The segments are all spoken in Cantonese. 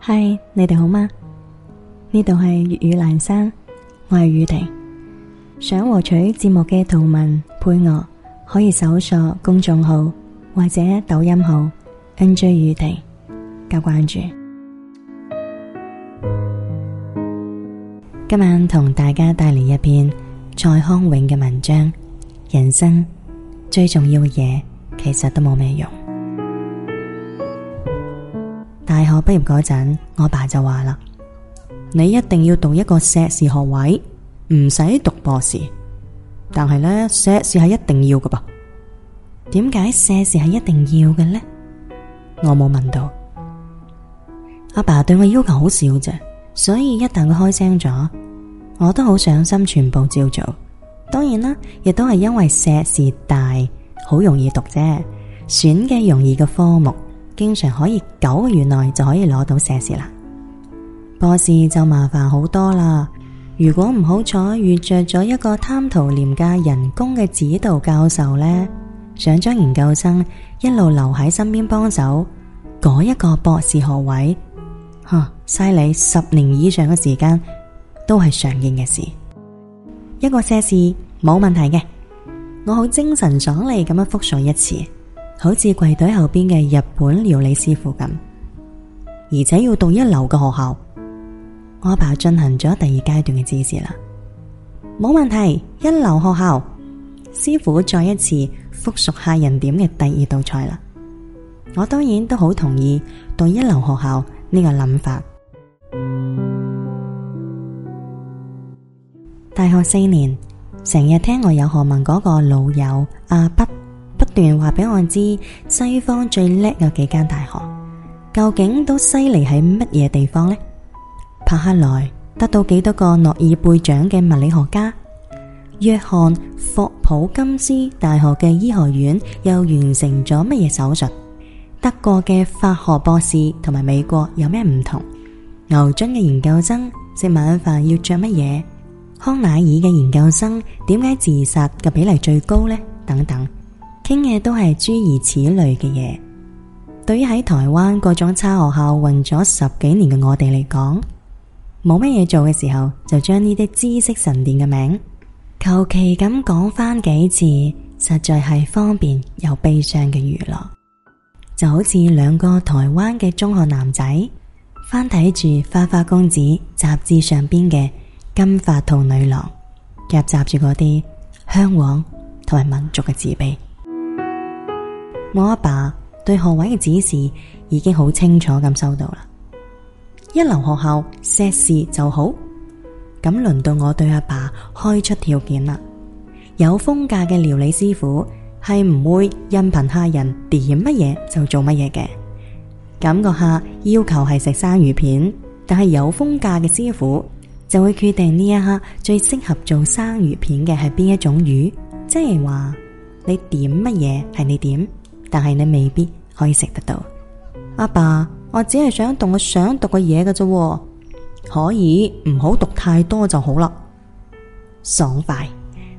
嗨，Hi, 你哋好嗎？呢度係粵語蘭生，我係雨婷。想獲取節目嘅圖文配樂，可以搜索公眾號或者抖音號 N J 雨婷加關注。今晚同大家帶嚟一篇蔡康永嘅文章，人生最重要嘅嘢其實都冇咩用。大學畢業嗰陣，我爸就話啦：你一定要讀一個碩士學位，唔使讀博士。但係呢，碩士係一定要㗎噃。點解碩士係一定要嘅呢？我冇問到。阿爸對我要求好少啫，所以一旦佢開聲咗，我都好上心，全部照做。當然啦，亦都係因為碩士大，好容易讀啫，選嘅容易嘅科目。經常可以九個月內就可以攞到碩士啦，博士就麻煩好多啦。如果唔好彩遇着咗一個貪圖廉價人工嘅指導教授呢，想將研究生一路留喺身邊幫手，嗰一個博士學位，嘥晒你十年以上嘅時間都係常見嘅事。一個碩士冇問題嘅，我好精神爽利咁樣複述一次。好似櫃隊後邊嘅日本料理師傅咁，而且要到一流嘅學校，我阿爸進行咗第二階段嘅指示啦。冇問題，一流學校，師傅再一次複述客人點嘅第二道菜啦。我當然都好同意到一流學校呢個諗法。大學四年，成日聽我有學問嗰個老友阿、啊、北。不斷話俾我知，西方最叻有幾間大學究竟都犀利喺乜嘢地方呢？柏克萊得到幾多個諾貝爾獎嘅物理學家？約翰霍普金斯大學嘅醫學院又完成咗乜嘢手術？德國嘅法學博士同埋美國有咩唔同？牛津嘅研究生食晚飯要着乜嘢？康乃爾嘅研究生點解自殺嘅比例最高呢？等等。傾嘅都係諸如此類嘅嘢。對於喺台灣各種差學校混咗十幾年嘅我哋嚟講，冇乜嘢做嘅時候，就將呢啲知識神殿嘅名求其咁講翻幾次，實在係方便又悲傷嘅娛樂。就好似兩個台灣嘅中學男仔翻睇住花花公子雜誌上邊嘅金髮兔女郎，夾雜住嗰啲向往同埋民族嘅自卑。我阿爸，爸對學位嘅指示已經好清楚咁收到啦。一流學校碩士就好咁，輪到我對阿爸，爸開出條件啦。有風格嘅料理師傅係唔會因憑客人點乜嘢就做乜嘢嘅。感覺下要求係食生魚片，但係有風格嘅師傅就會決定呢一刻最適合做生魚片嘅係邊一種魚，即係話你點乜嘢係你點，但係你未必可以食得到，阿爸，爸，我只係想讀我想讀嘅嘢嘅啫，可以唔好讀太多就好啦，爽快，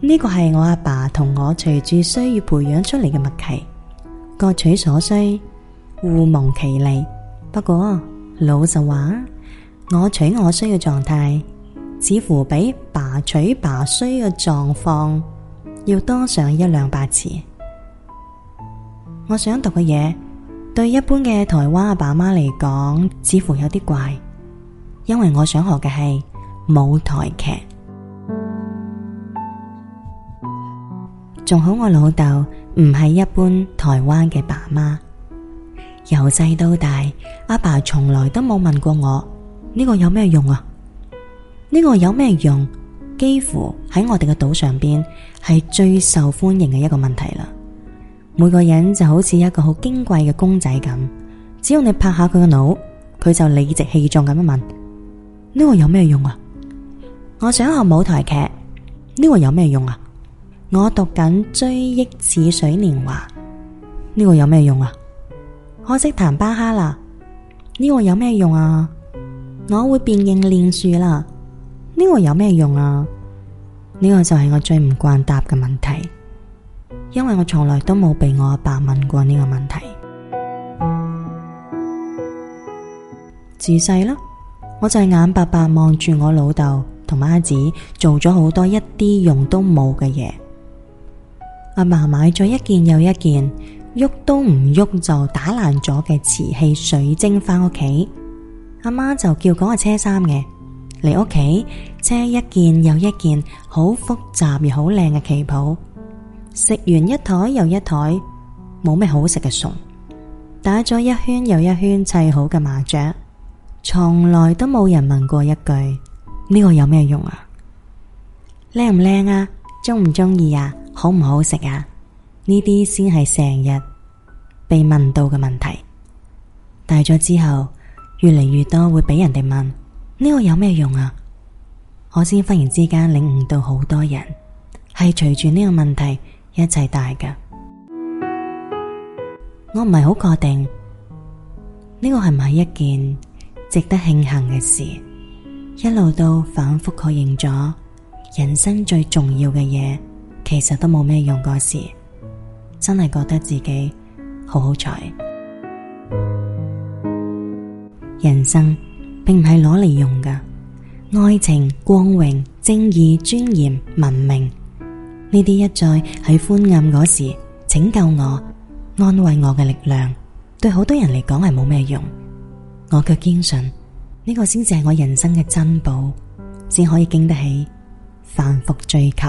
呢個係我阿爸同我隨住需要培養出嚟嘅默契，各取所需，互蒙其利。不過老實話，我取我需嘅狀態，似乎比爸取爸需嘅狀況要多上一兩百次。我想讀嘅嘢，對一般嘅台灣阿爸媽嚟講，似乎有啲怪，因為我想學嘅係舞台劇。仲好，我老豆唔係一般台灣嘅爸媽。由細到大，阿爸從來都冇問過我呢個有咩用啊？呢個有咩用？幾乎喺我哋嘅島上邊係最受歡迎嘅一個問題啦。每個人就好似一個好矜貴嘅公仔咁，只要你拍下佢嘅腦，佢就理直氣壯咁問：呢個有咩用啊？我想學舞台劇，呢個有咩用啊？我讀緊追憶似水年華，呢個有咩用啊？我識彈巴哈啦，呢個有咩用啊？我會辨認練書啦，呢個有咩用啊？呢個就係我最唔慣答嘅問題。因為我從來都冇被我阿爸問過呢個問題，自細啦，我就係眼白白望住我老豆同媽子做咗好多一啲用都冇嘅嘢，阿爸買咗一件又一件，喐都唔喐就打爛咗嘅瓷器水晶返屋企，阿媽，媽就叫嗰個車衫嘅嚟屋企，車一件又一件好複雜又好靚嘅旗袍。食完一台又一台，冇咩好食嘅餸，打咗一圈又一圈砌好嘅麻雀，從來都冇人問過一句呢個有咩用啊？靚唔靚啊？中唔中意啊？好唔好食啊？呢啲先係成日被問到嘅問題。大咗之後，越嚟越多會俾人哋問呢個有咩用啊？我先忽然之間領悟到，好多人係隨住呢個問題。一切大噶，我唔係好確定呢個係唔係一件值得慶幸嘅事。一路都反覆確認咗，人生最重要嘅嘢其實都冇咩用過時，真係覺得自己好好彩。人生並唔係攞嚟用噶，愛情、光榮、正義、尊嚴、文明。呢啲一再喺昏暗嗰時拯救我、安慰我嘅力量，對好多人嚟講係冇咩用，我卻堅信呢個先至係我人生嘅珍寶，先可以經得起反復追求。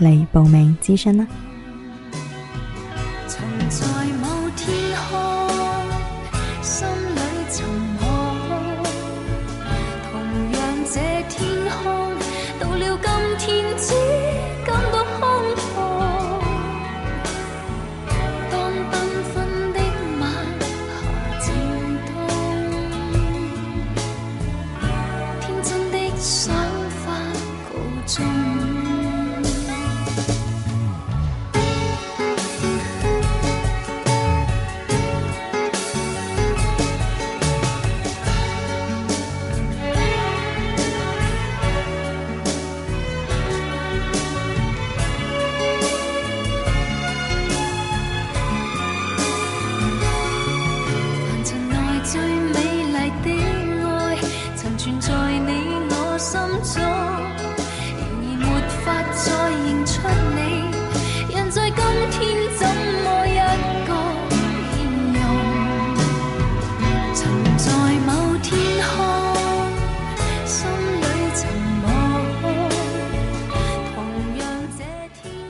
嚟報名諮詢啦！